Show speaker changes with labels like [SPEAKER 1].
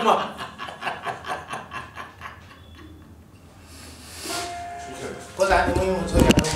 [SPEAKER 1] 没
[SPEAKER 2] 事，过来你们用车。